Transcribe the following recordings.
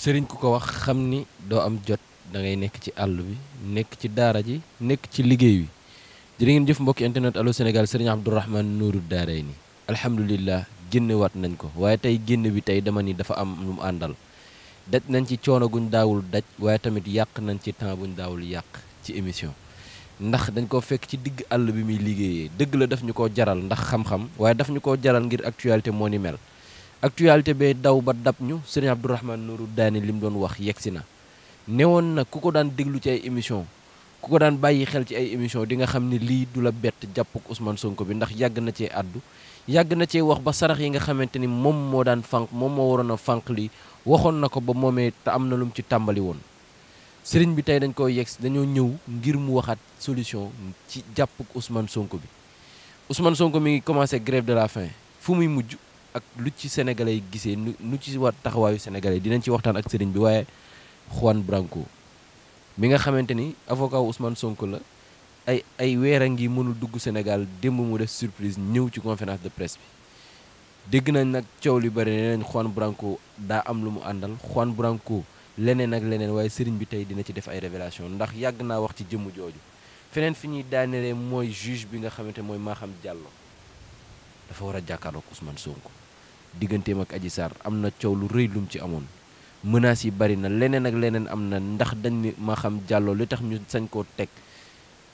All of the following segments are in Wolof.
sëriñ ku ko wax xam ni doo am jot da ngay nekk ci àll bi nekk ci daara ji nekk ci liggéey bi jërë ngeen jëf mbokki internet Allô Sénégal sëriñ Abdourahmane Nourou Daarayni alhamdulilah génne génnewaat nañ ko waaye tey génn bi tey dama ni dafa am lu mu àndal daj nañ ci coono guñ daawul daj waaye tamit yàq nañ ci temps buñ daawul yàq ci émission ndax dañ koo fekk ci digg àll bi muy liggéeyee dëgg la daf ñu ko jaral ndax xam-xam waaye daf ñu koo jaral ngir actualité moo ni mel actualité bee daw ba dab ñu sëriñ Abdourahmane Nourou Daani li mu doon wax yegsi na newoon na ku ko daan déglu ci ay émission ku ko daan bàyyi xel ci ay émission di nga xam ne lii du la bett jàppuk Ousmane Sonko bi ndax yàgg na cee àddu yàgg na cee wax ba sarax yi nga xamante ni moom moo daan fànq moom moo waroon a fànq li waxoon na ko ba moomee te am na lu mu ci tàmbali woon sëriñ bi tey dañ koy yegsi dañoo ñëw ngir mu waxaat solution ci jàppuk Ousmane Sonko bi Ousmane Sonko mi ngi commencé grève de la faim ak lu ci sénégalais yi gisee nu nu ci war taxawaayu sénégalais yi dinañ ci waxtaan ak sëriñ bi waaye Juan Branco mi nga xamante ni avocat Ousmane sonk la ay ay weer a ngi mënul dugg Sénégal démb mu def surprise ñëw ci conférence de presse bi dégg nañ nag coow li bari nee nañ Juan Branco daa am lu mu àndal Juan Branco leneen ak leneen waaye sëriñ bi tey dina ci def ay révélation ndax yàgg naa wax ci jëmm jooju feneen fi ñuy daanelee mooy juge bi nga xamante mooy Maham Diallo dafa war a jàkkaarloog Ousmane Sonko digganteem ak aji saar am na coow lu rëy lu mu ci amoon menaces yi bari na leneen ak leneen am na ndax dañ ma xam jàlloo li tax ñu sañ koo teg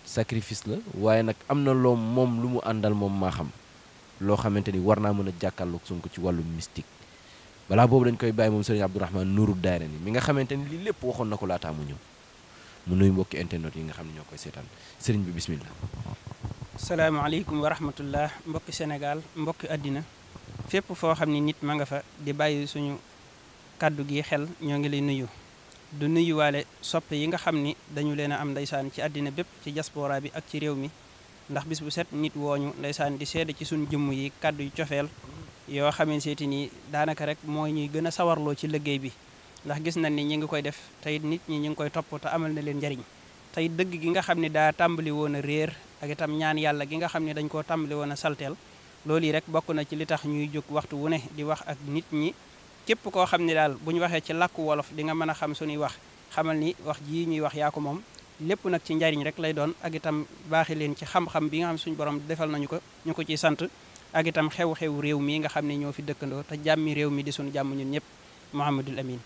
sacrifice la waaye nag am na loo moom lu mu àndal moom maa xam loo xamante ni war naa mën a jàkkaarloog Sonko ci wàllu mystique balaa boobu dañ koy bàyyi moom sëriñ Abdourahmane Nourou Daarayni mi nga xamante ni lii lépp waxoon na ko laataa mu ñëw mu nuyu mbokki internet yi nga xam ne ñoo koy seetaan sëriñ bi bismillah salaamaaleykum wa rahmatullah mbokki Sénégal mbokki àddina fépp foo xam ne nit ma nga fa di bàyyi suñu kàddu gi xel ñoo ngi lay nuyu du nuyuwaale soppe yi nga xam ni dañu leen a am ndeysaan ci àddina bépp ci diaspora bi ak ci réew mi ndax bis bu set nit wooñu ndeysaan di seede ci suñu jumm yi kàddu yu cofeel yoo xamee seeti nii daanaka rek mooy ñuy gën a sawarloo ci liggéey bi ndax gis nañ ni ñu ngi koy def teyit nit ñi ñu ngi koy topp te amal na leen njariñ teyit dëgg gi nga xam ne daa tàmbali woon a réer ak itam ñaan yàlla gi nga xam ne dañ koo tàmbali woon a salteel loolu rek bokk na ci li tax ñuy jóg waxtu wu ne di wax ak nit ñi képp koo xam ne daal bu ñu waxee ci làkku wolof di nga mën a xam suñuy wax xamal ni wax jii ñuy wax yaa ko moom lépp nag ci njariñ rek lay doon ak itam baaxi leen ci xam bi nga xam suñu borom defal nañu ko ñu ko ciy sant ak xew-xew réew mi nga xam ne ñoo fi dëkkandoo te jàmmi réew mi di suñu jàmm ñun ñëpp Mouhamadul Amin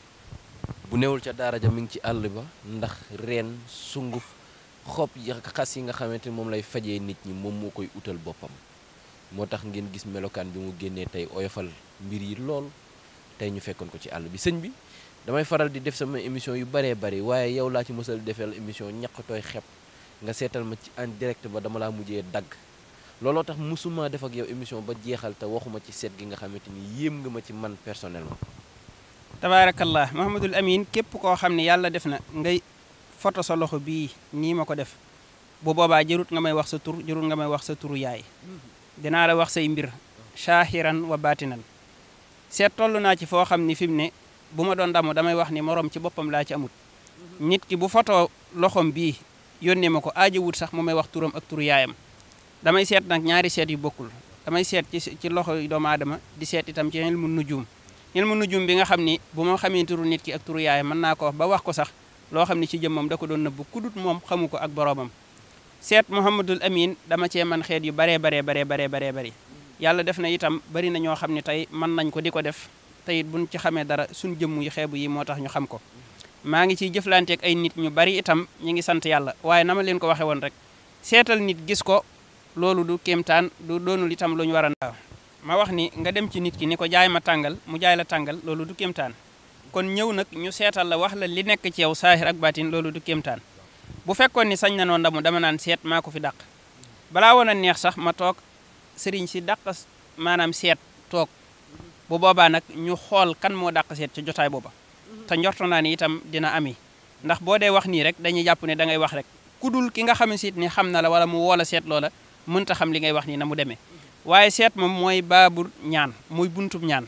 bu newul ca daara ja mi ngi ci àll ba ndax reen sunguf xob yi xas yi nga xamante ni moom lay fajee nit ñi moom moo koy utal boppam moo tax ngeen gis melokaan bi mu génnee tey oyofal mbir yi lool tey ñu fekkoon ko ci àll bi sëñ bi damay faral di def sama émission yu baree bari waaye yow laa ci mësal defeel émission ñaqtooy xepp nga seetal ma ci en direct ba dama laa mujjee dagg looloo tax mësuma def ak yow émission ba jeexal te waxuma ci seet gi nga xamante ni yéem nga ma ci man personnellement. tabaarakallah Mahamadul foto sa loxo bii nii ma ko def bu boobaa jërut nga may wax sa tur jërut nga may wax sa turu yaay dinaa la wax say mbir shaahiran wa baatinan seet toll naa ci foo xam ni fi mu ne bu ma doon damu damay wax ni moroom ci boppam laa ci amut nit ki bu foto loxom bii yónnee ma ko aajowut sax mu may wax turam ak turu yaayam damay seet nag ñaari seet yu bokkul damay seet ci ci loxo doomu aadama di seet itam ci ilmu nujum ilmu nujum bi nga xam ni bu ma xamee nit ki ak turu yaayam mën naa ko ba wax ko sax loo xam ne ci jëmmam da ko doon nëbbu kudut moom xamu ko ak boroomam seet Mouhamadul Amin dama cee man xeet yu baree baree baree baree baree bëri yàlla def na itam bari na ñoo xam ne tey man nañ ko di ko def tey it ci xamee dara suñ jëmm yu xeebu yi moo tax ñu xam ko maa ngi ciy jëflanteek ay nit ñu bari itam ñu ngi sant yàlla waaye na ma leen ko waxe woon rek seetal nit gis ko loolu du kéemtaan du doonul itam lu ñu war a ma wax ni nga dem ci nit ki ni ko jaay ma tàngal mu jaay la tàngal loolu du kéemtaan kon ñëw nag ñu seetal la wax la li nekk ci yow saahir ak baatin loolu du kéemtaan bu fekkoon ni sañ na noo dama naan seet maa ko fi dàq balaa woon a neex sax ma toog sëriñ si dàq maanaam seet toog bu boobaa nag ñu xool kan moo dàq seet ci jotaay booba te njorto naa ni itam dina ami ndax boo dee wax nii rek dañuy jàpp ne da ngay wax rek ku dul ki nga xam ne siit ni xam na la wala mu woola seet loola mënta xam li ngay wax nii na mu demee waaye seet moom mooy baabur ñaan muy buntub ñaan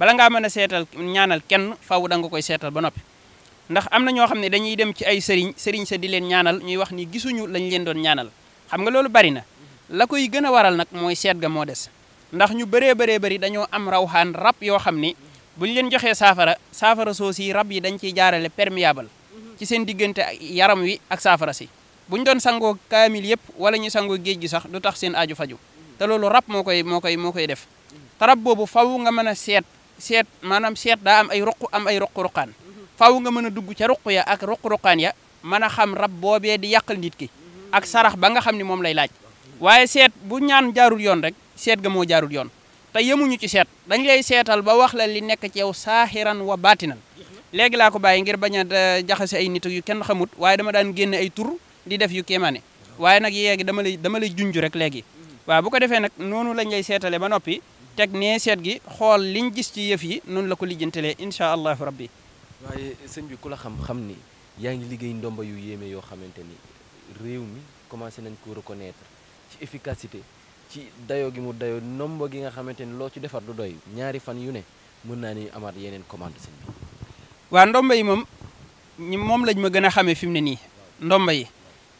bala ngaa mën a seetal ñaanal kenn faw da nga koy seetal ba noppi ndax am na ñoo xam ne dañuy dem ci ay sëriñ sëriñ sa di leen ñaanal ñuy wax ni gisuñu lañ leen doon ñaanal xam nga loolu bari na la koy gën a waral nag mooy seet ga moo des ndax ñu bëree bëree bari dañoo am raw xaan rab yoo xam ni buñ leen joxee saafara saafara soo si rab yi dañ ciy jaarale perméable ci seen diggante yaram wi ak saafara si buñ doon sangoo kaamil yëpp wala ñu sangoo géej gi sax du tax seen aju faju te loolu rab moo koy moo koy moo koy def rab boobu faw nga mën a seet seet maanaam seet daa am ay roq am ay roq-roqaan nga mën a dugg ca roq ya ak roq-roqaan ya mën a xam rab boobee di yàqal nit ki ak sarax ba nga xam ne moom lay laaj waaye seet bu ñaan jaarul yoon rek seet ga moo jaarul yoon te yemuñu ci seet dañ lay seetal ba wax la li nekk ci yow saaxiran wa baatinan léegi laa ko bàyyi ngir bañ a eh, jaxase ay nit yu kenn xamut waaye dama daan génne ay tur di def yu kéemaane waaye nag yeegi dama lay dama lay junj rek léegi waa bu ko defee nag noonu lañ lay seetale ba noppi teg nee seet gi xool liñ gis ci yëf yi noonu la ko lijjantelee incha allahu rabbi waaye sëñ bi ku la xam xam ni yaa ngi liggéey ndomba yu yéeme yoo xamante ni réew mi commencé nañ ko reconnaître ci efficacité ci dayoo gi mu dayoo ndomba gi nga xamante ni loo ci defar du doy ñaari fan yu ne mën naa ni amaat yeneen commende sëñ bi waa ndomba yi moom ñi moom lañ ma gën a xamee fi mu ne nii ndomba yi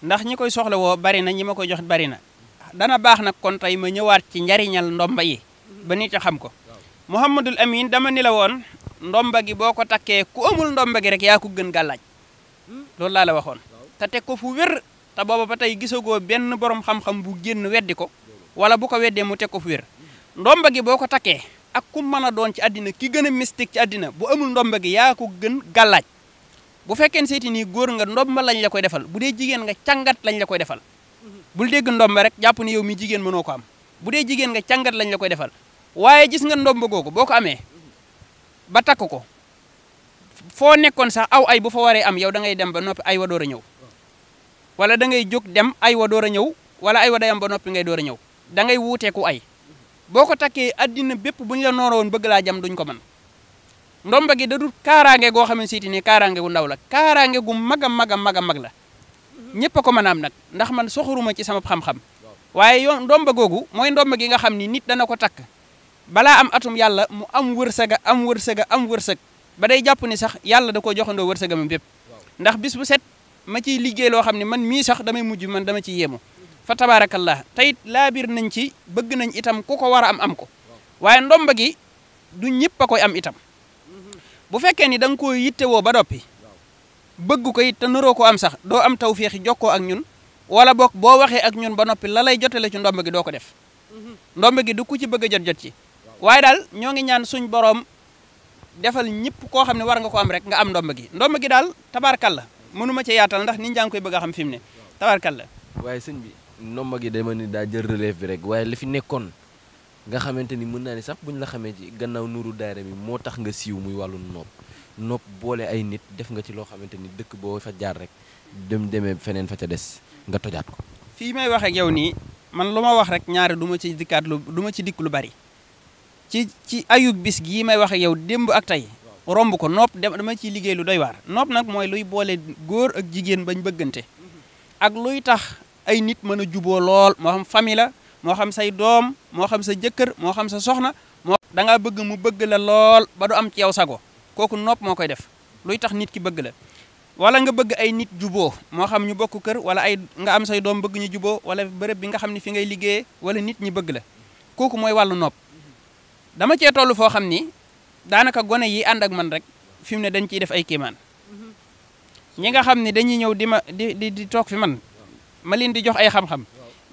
ndax ñi koy soxla woo bari na ñi ma koy jox bari na dana baax nag kon tey ma ñëwaat ci njariñal ndomba yi ba nit ca xam ko Mouhamadul Amin dama ni la woon ndomba gi boo ko takkee ku amul ndomba gi rek yaa ko gën gàllaaj loolu laa la waxoon te teg ko fu wér te booba ba tey gisagoo benn borom xam-xam bu génn weddi ko wala bu ko weddee mu teg ko fu wér ndomba gi boo ko takkee ak ku mën a doon ci àddina ki gën a mystique ci àddina bu amul ndomba gi yaa ko gën gàllaaj bu fekkee seeti nii góor nga ndomba lañ la koy defal bu dee jigéen nga càngat lañ la koy defal bul dégg ndomba rek jàpp ni yow mi jigéen mënoo ko am bu dee jigéen nga càngat lañ la koy defal waaye gis nga ndomb googu boo ko amee ba takk ko foo nekkoon sax aw ay bu fa waree am yow da ngay dem ba noppi ay wa door a ñëw wala dangay jóg dem ay wa door a ñëw wala ay wa day ba noppi ngay door a ñëw da ngay wuuteeku ay boo ko takkee addina bépp bu ñu la nooroon bëgg laa jam duñ ko man ndomba gi da dul kaaraange goo xam ne siiti ne kaaraange gu ndaw la kaaraange gu mag a mag mag a mag la ñëpp ko mën a am nag ndax man soxoruma ci sama xam-xam waaye yoon ndomba googu mooy ndomba gi nga xam ni nit dana ko takk balaa am atum yàlla mu am wërsëga am wërsëga am wërsëg ba day jàpp ni sax yàlla da koo joxandoo wërsëga ma bépp ndax bis bu set ma ciy liggéey loo xam ne man mii sax damay mujj man dama ciy yéemu fa tabaarakallah tey laabir nañ ci bëgg nañ itam ku ko war a am am ko waaye ndomba gi du ñëpp koy am itam bu fekkee ni da ko koy yittewoo ba noppi bëgg ko it te naroo ko am sax doo am fexi jokkoo ak ñun wala boog boo waxee ak ñun ba noppi la lay jotale ci ndomba gi doo ko def ndomba gi du ku ci bëgg jot jot ci waaye daal ñoo ngi ñaan suñ boroom defal ñëpp koo xam ne war nga ko am rek nga am ndomb gi ndomb gi daal la mënuma ci yaatal ndax nit ñaa ngi koy bëgg a xam fi mu ne la waaye suñ bi ndomb gi dama ni daal jël relève bi rek waaye li fi nekkoon nga xamante ni mën naa ni sax buñ la xamee ci gannaaw nuuru daayira bi moo tax nga siiw muy wàllu nopp nopp boole ay nit def nga ci loo xamante ni dëkk boo fa jaar rek dem demee feneen fa ca des nga tojaat ko fii may wax yow nii man lu ma wax rek ñaari du ma ci dikkaat lu ci dikk lu bari ci ci ayub bis gii may wax ak yow démb ak tey romb ko nopp dama ciy liggéey lu nopp nag mooy luy boole góor ak jigéen bañ bëggante ak luy tax ay nit mën a juboo lool moo xam famille moo xam say doom moo xam sa jëkkër moo xam sa soxna moo da ngaa bëgg mu bëgg la lool ba du am ci yow sago kooku nopp moo koy def luy tax nit ki bëgg la wala nga bëgg ay nit juboo moo xam ñu bokk kër wala ay nga am say doom bëgg ñu juboo wala bërëb bi nga xam ne fi ngay liggéey wala nit ñi bëgg la kooku mooy wallu nopp dama cee toll foo xam ni daanaka gone yi ànd man rek fi mu ne dañ ciy def ay kiimaan ñi nga xam ni dañuy ñëw di ma di di di toog fi man ma leen di jox ay xam-xam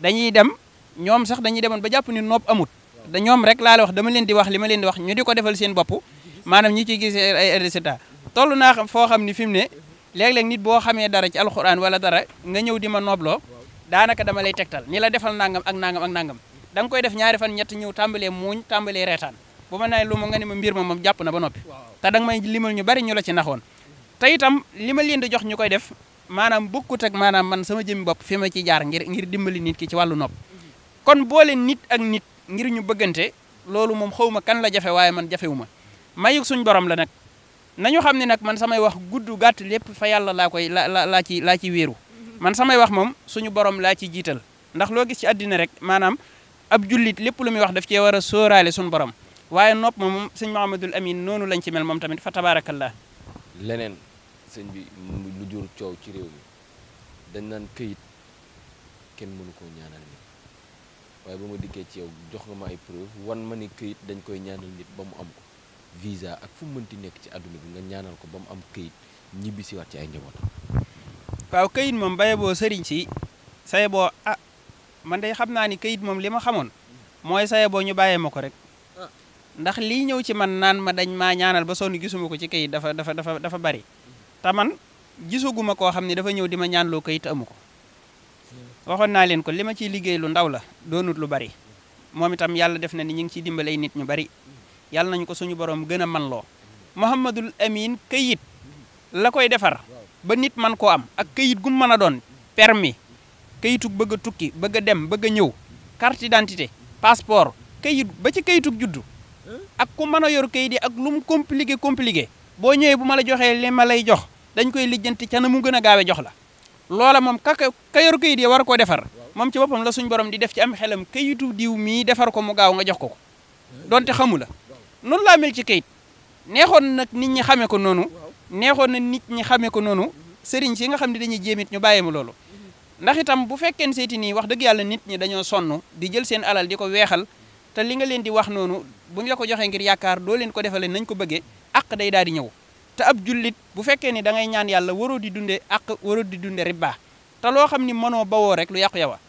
dañuy dem ñoom sax dañuy demoon ba jàpp ni nopp amut da ñoom rek laa la wax dama leen di wax li ma leen di wax ñu di ko defal seen bopp maanaam ñi ciy gis ay résultats toll naa xam foo xam ni fi mu ne léeg-léeg nit boo xamee dara ci alxuraan wala dara nga ñëw di ma noobloo daanaka dama lay tegtal ni la defal nangam ak nangam ak nangam da koy def ñaari fan ñett ñëw tàmbalee muuñ tàmbalee reetaan bu ma nee lu ma nga ne ma mbir ma moom jàpp na ba noppi te da nga may limal ñu bari ñu la ci naxoon te itam li ma leen di jox ñu koy def maanaam bukkut ak maanaam man sama jëmmi bopp fii ma ci jaar ngir ngir dimbali nit ki ci wàllu nopp mhm. kon boole nit ak nit ngir ñu bëggante loolu moom xaw ma kan la jafe waaye man jafewu ma mayuk suñ borom la nag nañu xam ne nag man samay wax gudd gàtt lépp fa yàlla laa koy la la laa ci laa ci wéeru mhm. man samay wax moom suñu borom laa ci jiital ndax loo gis ci àddina rek maanaam ab jullit lépp lu muy wax daf cee war a sóoraale suñu borom waaye nopp ma moom sëñ Mouhamadul Amine noonu lañ ci mel moom tamit fa la leneen sëñ bi lu jur coow ci réew mi dañ naan këyit kenn mënu koo ñaanal nit waaye ba ma dikkee ci yow jox nga ma ay preuve wan ma ni këyit dañ koy ñaanal nit ba mu am ko ak fu mu mënti nekk ci àdduna bi nga ñaanal ko ba mu am këyit ñibbi si waat ci ay njabootam waaw këyit moom baye boo sëriñ si saye boo ah man dey xam naa ni kayit moom li ma xamoon mooy saye boo ñu bàyyee ma ko rek ah. ndax lii ñëw ci man naan ma dañ maa ñaanal ba sonn gisuma ko ci kayit dafa dafa dafa dafa bari te man gisaguma koo xam ne dafa ñëw di ma ñaanloo kayit amu ko waxoon naa leen ko li ma ciy liggéey lu ndaw la doonut lu bari moom itam yàlla def na ni ñu ngi ciy dimbale nit ñu bari yàlla nañu ko suñu borom gën a man loo Mouhamadul Amine kayit la koy defar ba nit man koo am ak kayit gu mu mën a doon permis kayitug bëgg tukki bëgg a dem bëgg a ñëw carte d'identité passeport ba ci kayitug juddu ak ku mën a yor kayit ak lu mu compliqué compliqué boo ñëwee bu ma la joxee li ma lay jox dañ koy lijjanti ca na mu gën a gaawe jox la loola moom ka ka yor kayit yi war koo defar moom ci boppam la suñ borom di def ci am xelam kayitu diw mii defar ko mu gaaw nga jox ko ko donte xamu la noonu laa mel ci kayit neexoon nag nit ñi xamee ko noonu neexoon na nit ñi xamee ko noonu sëriñ si nga xam ne dañuy jéemit ñu bàyyi ma loolu ndax itam bu fekkee seeti nii wax dëgg yàlla nit ñi dañoo sonn di jël seen alal di ko weexal te li nga leen di wax noonu bu ñu la ko joxee ngir yaakaar doo leen ko defale nañ ko bëggee àq day daal di ñëw te ab jullit bu fekkee ni da ngay ñaan yàlla waroo di dunde àq waroo di dunde riba te loo xam ni mënoo bawoo rek lu yàqu yow a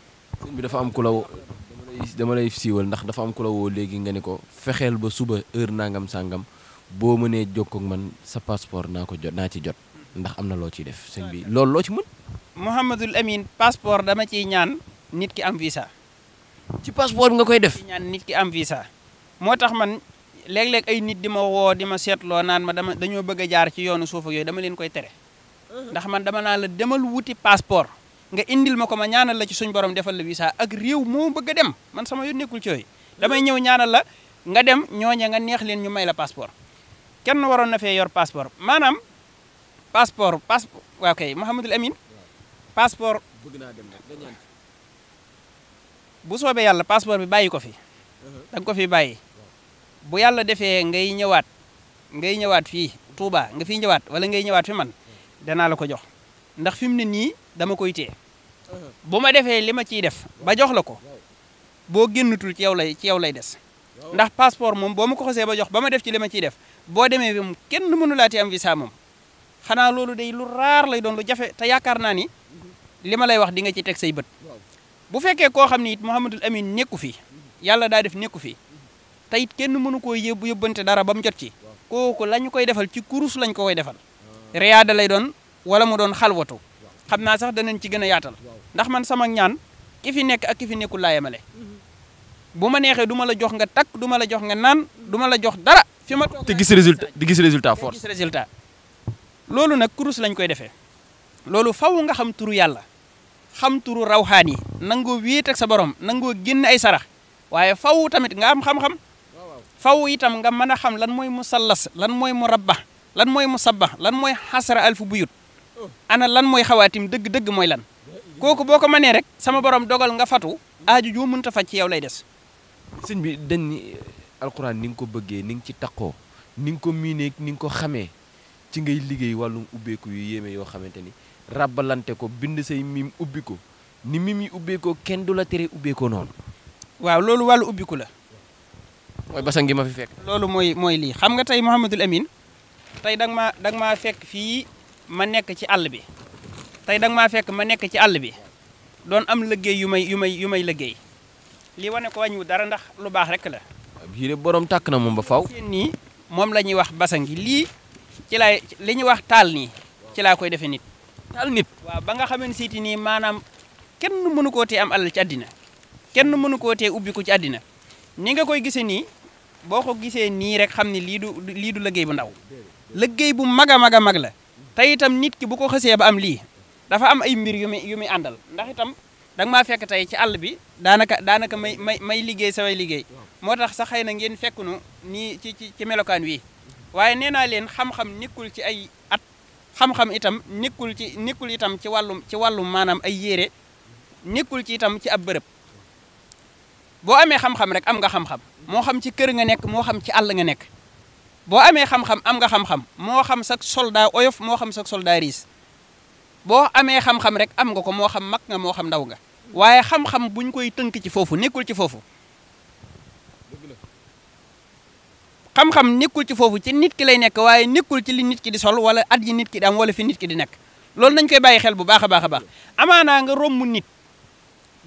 dafa am ku la woo dama lay siiwal ndax dafa am ku la woo léegi nga ne ko fexeel ba suba heure nangam sàngam boo mënee jokkoo ak man sa passeport naa ko jot naa ci jot ndax am na loo ciy def sëñ bi loolu loo ci mën. Mouhamadul Amine passeport dama ciy ñaan nit ki am visa. ci passeport nga koy def. ñaan nit ki am visa. moo tax man léeg-léeg ay nit di ma woo di ma seetloo naan ma dama dañoo bëgg jaar ci yoonu suuf yooyu dama leen koy tere. ndax man dama naa la demal wuti passeport. nga indil ma ko ma ñaanal la ci suñ borom defal la visa ak réew moo bëgg a dem man sama yoon nekkul ci yooyu damay ñëw ñaanal la nga dem ñooña nga neex leen ñu may la passeport kenn waroon na fee yor passeport maanaam passeport passeport waaw kay Mouhamadul Amine passeport bëgg naa dem nag bu soobee yàlla passeport bi bàyyi ko fi uh-huh. da ko fi bàyyi bu yàlla defee ngay ñëwaat ngay ñëwaat fii Touba nga fi ñëwaat wala ngay ñëwaat fi man uh-huh. danaa la ko jox ndax fi mu ne nii dama koy téye uh-huh. bu ma defee li ma ciy def ba jox la ko boo génnutul ci yow lay ci yow lay des ndax passeport moom boo ma ko xasee ba jox ba ma def ci li ma ciy def boo demee bi mu kenn mënu laati am visa moom xanaa loolu day lu raar lay doon lu jafe te yaakaar naa ni li ma lay wax di nga ci teg say bët bu fekkee koo xam ni it Mouhamadul Amine nekku fi yàlla daa def nekku fi te kenn mënu koo yóbbu yóbbante dara ba mu jot ci kooku la ñu koy defal ci kurus lañ ko koy defal riyaada lay doon wala mu doon xalwatu xam naa sax danañ ci gën a yaatal ndax man sama ñaan ki fi nekk ak ki fi nekkul laa yemale bu ma neexee du ma la jox nga takk duma la jox nga naan duma la jox dara fi ma toog te gis résultat gis résultat force gis résultat loolu nag kurus lañ koy defee loolu faw nga xam turu yàlla xam turu rawxaan yi nangoo wéet ak sa borom nangoo génn ay sara waaye faw tamit nga am xam-xam faw itam nga mën a xam lan mooy musallas lan mooy mu rabba lan mooy mu sabba lan mooy xasara alfu buyut na lan mooy xawaatim dëgg-dëgg mooy lan kooku boo ko mënee rek sama borom dogal nga fatu aaju joo mënta faj ci yow lay des sëñ bi dañ ni alxuraan ni nga ko bëggee ni nga ci taqoo ni nga ko miinee ni nga ko xamee ci ngay liggéey wàllum ubbeeku yu yéeme yoo xamante ni ràbbalante ko bind say mim ubbi ni mim yi ubbeekoo kenn du la tere ubbeekoo noonu. waaw loolu wàllu ubbiku la. mooy basang gi ma fi fekk. loolu mooy mooy lii xam nga tey Mouhamadul Amine tey danga ma danga maa fekk fii ma nekk ci àll bi tey danga maa fekk ma nekk ci àll bi doon am liggéey yu may yu may yu may liggéey li wane ko wàññiwu dara ndax lu baax rek la. bii de borom tàkk na moom ba faw seen nii moom la wax basang gi ci laay li ñuy wax taal nii ci laa koy defee nit. taal nit waaw ba nga xamante siiti nii maanaam kenn mënu koo tee am alal ci àddina kenn mënu koo tee ubbi ko ci àddina ni nga koy gisee nii boo ko gisee nii rek xam ni lii du lii du liggéey bu ndaw liggéey bu mag a mag a mag la te itam nit ki bu ko xësee ba am lii dafa am ay mbir yu muy yu muy àndal ndax itam da ma fekk tey ci àll bi daanaka daanaka may may may liggéey samay liggéey moo tax sax xëy na ngeen fekk nu nii ci ci ci melokaan wi waaye nee naa leen xam-xam nekkul ci ay at xam-xam itam nekkul ci nekkul itam ci wàllum ci wàllum maanaam ay yére nekkul ci itam ci ab bërëb boo amee xam-xam rek am nga xam-xam moo xam ci kër nga nekk moo xam ci àll nga nekk boo amee xam am nga xam moo xam sa soldat oyof moo xam sa soldat boo amee xam-xam rek am nga ko moo xam mag nga moo xam ndaw nga waaye xam-xam buñ koy tënk ci foofu nekkul ci foofu xam-xam nekkul ci foofu ci nit ki lay nekk waaye nekkul ci li nit ki di sol wala at yi nit ki di am wala fi nit ki di nekk loolu nañ koy bàyyi xel bu baax a baax a baax amaanaa nga romb nit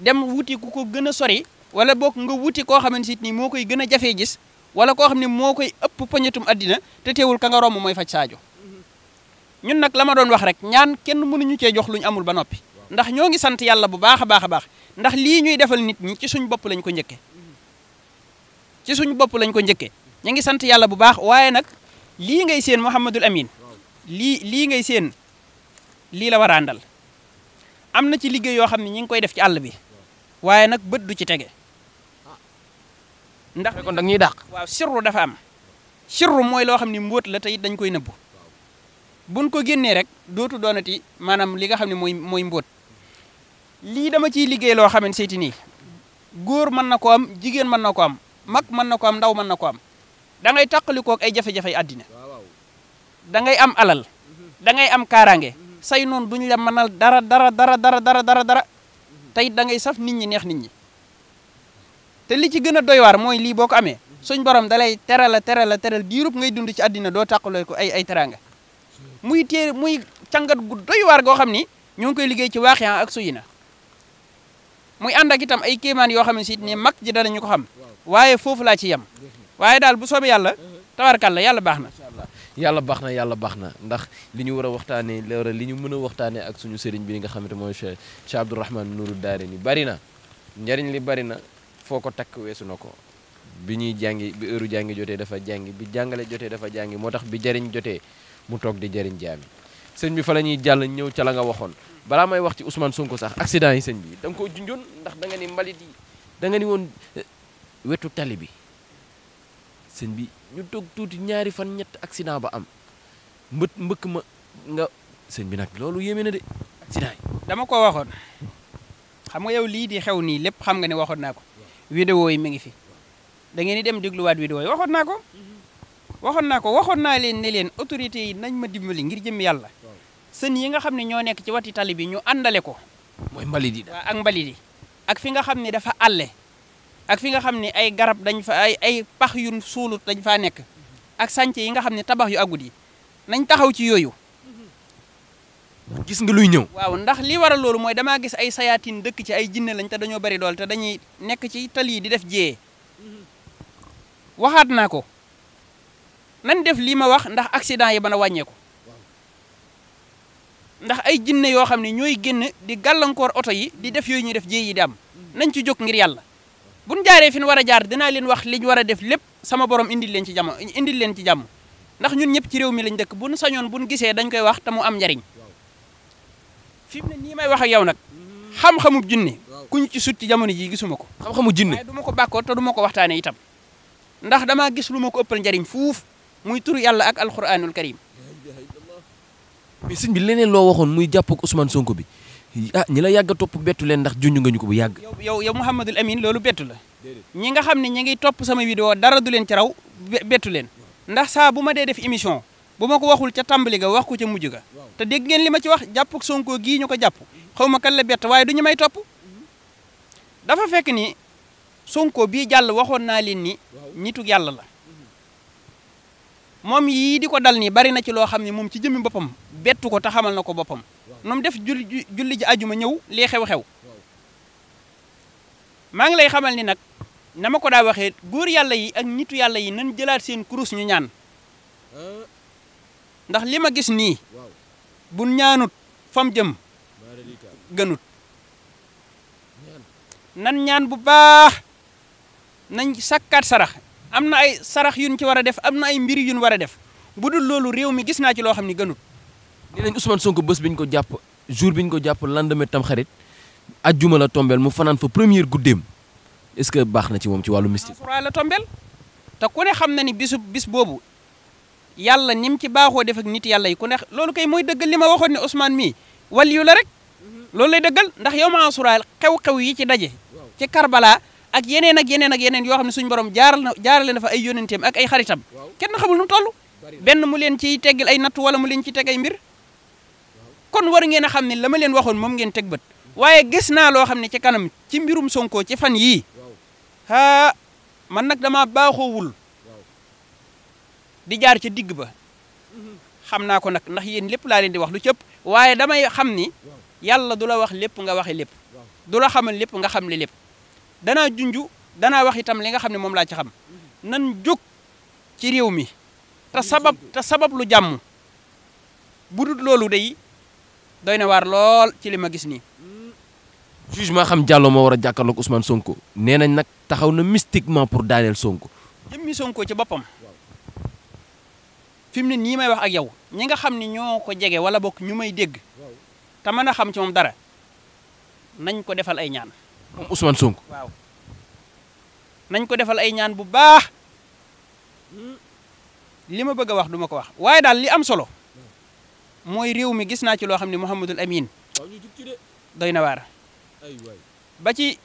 dem wuti ku ko gën a sori wala boog nga wuti koo xamante ni moo koy gën a jafee gis wala koo xam ne moo koy ëpp poñetum addina te teewul ka nga romb mooy faj saajo ñun nag la ma doon wax rek ñaan kenn mënuñu cee jox lu ñu amul ba noppi ndax ñoo ngi sant yàlla bu baax a baax a baax ndax lii ñuy defal nit ñi ci suñ bopp lañ ko njëkkee ci suñ bopp lañ ko njëkkee ñu ngi sant yàlla bu baax waaye nag lii ngay seen Mouhamadul Amin lii lii ngay seen lii la war a am na ci liggéey yoo xam ne ñu ngi koy def ci àll bi waaye nag bët du ci tege ndax kon dag ñuy dàq waaw sirru dafa am sirru mooy loo xam ne mboot la te it dañ koy nëbbu buñ ko génnee rek dootu doonati maanaam li nga xam ne mooy mooy mbóot lii dama ciy liggéey loo xam ne seyti nii góor mën na ko am jigéen mën na ko am mag mën na ko am ndaw mën na ko am da ngay tàqalikook ay jafe-jafey àddina da ngay am alal da ngay am kaaraange say noonu duñ la mënal dara dara dara dara dara dara dara tey da ngay saf nit ñi neex nit ñi te li ci gën a doy waar mooy lii boo ko amee suñ borom dalay teral a teral a teral diirub ngay dund ci àddina doo tàqaloo ko ay ay teraanga muy téere muy càngat gu doy waar goo xam ni ñoo ngi koy liggéey ci waaxiyan ak suy na muy ànd ak itam ay kéemaan yoo xam ne si ni mag ji danañu ko xam waaye foofu laa ci yem waaye daal bu soobee yàlla tabarkalla yàlla baax na yàlla baax na yàlla baax na ndax li ñu war a waxtaanee li ñu mën a waxtaanee ak suñu sëriñ bi nga xamante mooy Cheikh Cheikh Abdourahmane Nourou Daare ni bari na njariñ li bari na foo ko takk weesu na ko bi ñuy jàngi bi heure jàngi jotee dafa jàngi bi jàngale jotee dafa jàngi moo tax bi jariñ jotee mu toog di jariñ jaami sëñ bi fa la ñuy jàll ñëw ca la nga waxoon balaa may wax ci Ousmane ko sax accident yi sëñ bi da koo junjoon ndax da nga ni mbalit da nga ni woon eh, wetu tali bi sëñ bi ñu toog tuuti ñaari fan ñett accident ba am mbët mbëkk ma nga sëñ bi nag loolu yéeme na de accident yi. dama ko waxoon xam nga yow lii di xew nii lépp xam nga ne waxoon naa ko. vidéo yi mi ngi fi da ngeen di dem dégluwaat vidéo yi waxoon naa ko. waxoon naa ko waxoon naa leen ne leen autorité yi nañ ma dimbali ngir jëm yàlla. sën yi nga xam ne ñoo nekk ci wati tali bi ñu àndale ko. mooy mbalit yi ak mbalit yi ak fi nga xam ne dafa àlle. ak fi nga xam ne ay garab dañ fa ay ay pax yu suulu dañ faa nekk ak sànce yi nga xam ne tabax yu agut yi nañ taxaw ci yooyu gis nga luy ñëw waaw ndax li a loolu mooy damaa gis ay sayaatin dëkk ci ay jinne lañ te dañoo bari dool te dañuy nekk ci tali yi di def jiyee waxaat naa ko nan def lii ma wax ndax accident yi bana wàññeeku ndax ay jinne yoo xam ne ñooy génn di gàllankoor oto yi di def yooyu ñuy def jéey yi di am nañ ci jóg ngir yàlla buñ jaaree fi ñu war a jaar dinaa leen wax liñ war a def lépp sama borom indil leen ci jàmm indil leen ci jàmm ndax ñun ñëpp ci réew mi lañ dëkk buñ sañoon buñ gisee dañ koy wax te mu am njariñ fi mu ne nii may wax yow nag xam-xamu jinne kuñ ci sut ci jamono jii gisuma ko xam-xamu jinne duma ko bàkkoo te duma ma ko waxtaane itam ndax damaa gis lu ma ko ëppal njariñ fuuf muy turu yàlla ak alquranul karim mais bi leneen loo waxoon muy jàpp ak Ousmane Sonko bi ah ñi la yàgg topp bettu leen ndax junj nga ñu ko bu yàgg. yow yow Mouhamadul Amine loolu bettu la ñi nga xam ne ñi ngi topp sama vidéo dara du leen ci raw bettu leen ndax saa bu ma dee def émission bu ma ko waxul ca tàmbali ga wax ko ca mujj ga te dégg ngeen li ma ci wax jàpp Sonko gii ñu ko jàpp xaw ma kan la bett waaye du ñu may topp dafa fekk ni Sonko bii jàll waxoon naa leen ni nitu yàlla la. moom yii di ko dal nii bari na ci loo xam ne moom ci jëmmi boppam bettu ko te xamal na ko boppam moom def julli julli ji ajuma ñëw lii xew-xew maa ngi lay xamal ni nag na ma ko daa waxee góor yàlla yi ak nitu yàlla yi nan jëlaat seen kurus ñu ñaan ndax li ma gis nii bu ñaanut fam jëm gënut nan ñaan bu baax nañ sakkaat sarax am na ay sarax yuñ ci war a def am na ay mbir nu war a def bu dul loolu réew mi gis naa ci loo xam ni gënut. nee nañ Ousmane Sonko bés bi ñu ko jàpp jour bi ñu ko jàpp lendemain tam xarit ajjuma la tombel mu fanaan fa première guddeem est-ce que baax na ci moom ci wàllu mystique. la tombeel te ku ne xam na ni bisu bis boobu yàlla ni mu ci baaxoo def ak nit yàlla yi ku ne loolu kay mooy dëggal li ma waxoon ne Ousmane mii waliyu la rek. Mhm. loolu lay dëggal ndax yow ma asuraal xew-xew yi ci daje. ak yeneen ak yeneen ak yeneen yoo xam ne suñu borom jaaral na jaarale na fa ay yónenteem ak ay xaritam kenn xamul nu mu benn mu leen ciy teggil ay natt wala mu leen ci teg ay mbir kon war ngeen a xam ne la ma leen waxoon moom ngeen teg waaye gis naa loo xam ne ci kanam ci mbirum Sonko ci yii man nag dama baaxoowul di jaar ca digg ba mhm. xam naa ko nag ndax yéen lépp laa leen di wax lu cëpp waaye damay xam ni yàlla du la wax lépp nga waxe lépp du la xamal lépp nga xam le lépp danaa junju danaa wax itam li nga xam ne moom laa ci xam nan jóg ci réew mi te sabab te sabab lu jàmm bu loolu day doy na waar lool ci li ma gis nii. juge maa xam Diallo moo war a jàkkaarloog Ousmane Sonko nee nañ nag taxaw na mystiquement pour daaneel Sonko. jëmmi Sonko ci boppam fi mu ne nii may wax ak yow ñi nga xam ni ñoo ko jege wala bokk ñu may dégg te mën a xam ci moom dara nañ ko defal ay ñaan. moom Ousmane Sonko. waaw nañ ko defal ay ñaan bu baax hmm. li ma bëgg a wax du ma ko wax waaye daal li am solo mooy réew mi gis naa ci loo xam ne Mouhamadul Amin doy na waar ba ci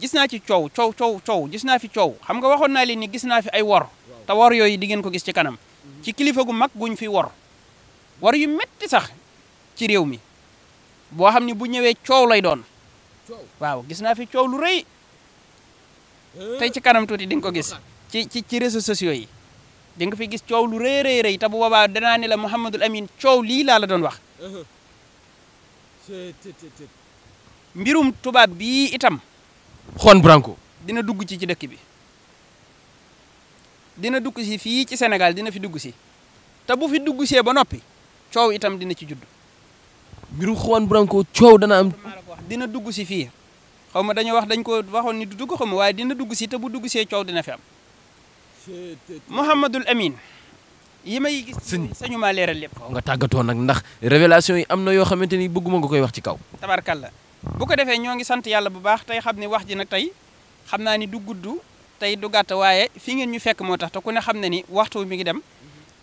gis naa ci coow coow coow coow gis naa fi coow xam nga waxoon naa leen ni gis naa fi ay wor te wor yooyu di ko gis ci kanam mhm. ci kilifa gu mag guñ fi wor war yu metti sax ci réew mi boo xam ne bu ñëwee coow lay doon waaw gis naa fi coow lu rëy tey ci kanam tuuti di ko gis ci ci ci réseaux yi dinga fi gis coow lu rëy rëy rëy bu boobaa danaa ne la Mouhamadul Amine coow lii laa la doon wax mbirum tubaab bii itam Juan Branco dina dugg ci ci dëkk bi dina dugg si fii ci senegal dina fi dugg si te bu fi dugg see ba noppi coow itam dina ci judd mbirum Juan Branco coow dana dina dugg si fii xaw ma dañoo wax dañ ko waxoon ni du dugg xaw ma waaye dina dugg si te bu dugg see coow dina fi am Mouhamadul amin yi may gis sañu maa leeral lépp nga tàggatoo nag ndax révélation yi am na yoo xamante ni bëgguma nga koy wax ci kaw la bu ko defee ñoo ngi sant yàlla bu baax tey xam ne wax ji nag tey xam naa ni du gudd tey du gàtt waaye fii ngeen ñu fekk moo tax te ku ne xam ne ni waxtu mi ngi dem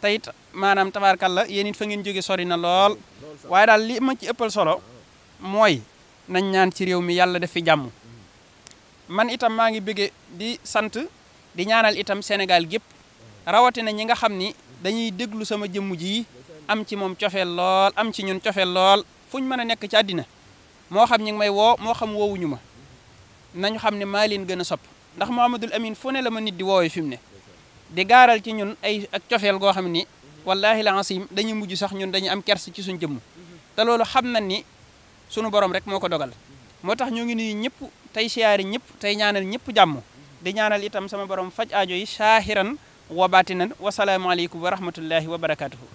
tey maanaam tabarkalla yéen it fa ngeen jóge sori na lool waaye daal li ma ci ëppal solo mooy nañ ñaan ci réew mi yàlla def fi jàmm man itam maa ngi bëgge di sant di ñaanal itam senegal gépp rawatina ñi nga xam ni dañuy déglu sama jëmm ji am ci moom cofeel lool am ci ñun cofeel lool fu ñu mën a nekk ci àddina moo xam ñi ngi may woo moo xam woowuñu ma nañu xam ne maa leen gën a sopp ndax Mouhamadoul Amine fu ne la ma nit di woowee fi mu ne di gaaral ci ñun ay ak cofeel goo xam ni wallaahi la asim dañuy mujj sax ñun dañuy am kers ci suñ jëmm te loolu xam sunu borom rek moo ko dogal moo tax ñoo ngi nuyu ñëpp tey siyaari ñëpp tey ñaanal ñëpp jàmm di ñaanal itam sama borom faj aajo yi saahiran wa baatinan wasalaamaaleykum wa rahmatullahi wa barakaatuhu.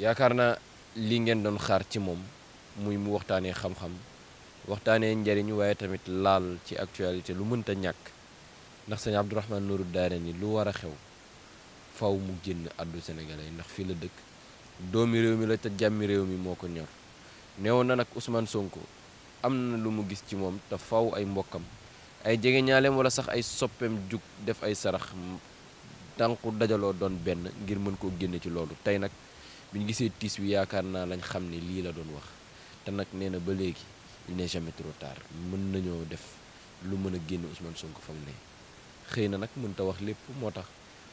yaakaar na li ngeen doon xaar ci moom muy mu waxtaanee xam-xam waxtaanee njëriñ waaye tamit laal ci actualité lu mënta ñàkk ndax sëñ Abdourahmane Nourou ni lu war a xew faw mu génn àddu sénégalais ndax fii la dëkk doomi réew mi la te jàmmi réew mi moo ko ñor. neewoon na nag Ousmane Sonko am na lu mu gis ci moom te faw ay mbokkam ay jege ñaaleem wala sax ay soppeem jug def ay sarax tànku dajaloo doon benn ngir mën koo génne ci loolu tey nag bi ñu gisee tiis bi yaakaar naa lañ xam ne lii la doon wax te nag nee na ba léegi il n'est jamais trop mën nañoo def lu mën a génne Ousmane Sonko fa ne xëy na nag mënta wax lépp moo tax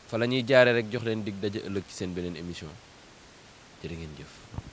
fa la ñuy jaaree rek jox leen dig daje ëllëg ci seen beneen émission jërë ngeen jëf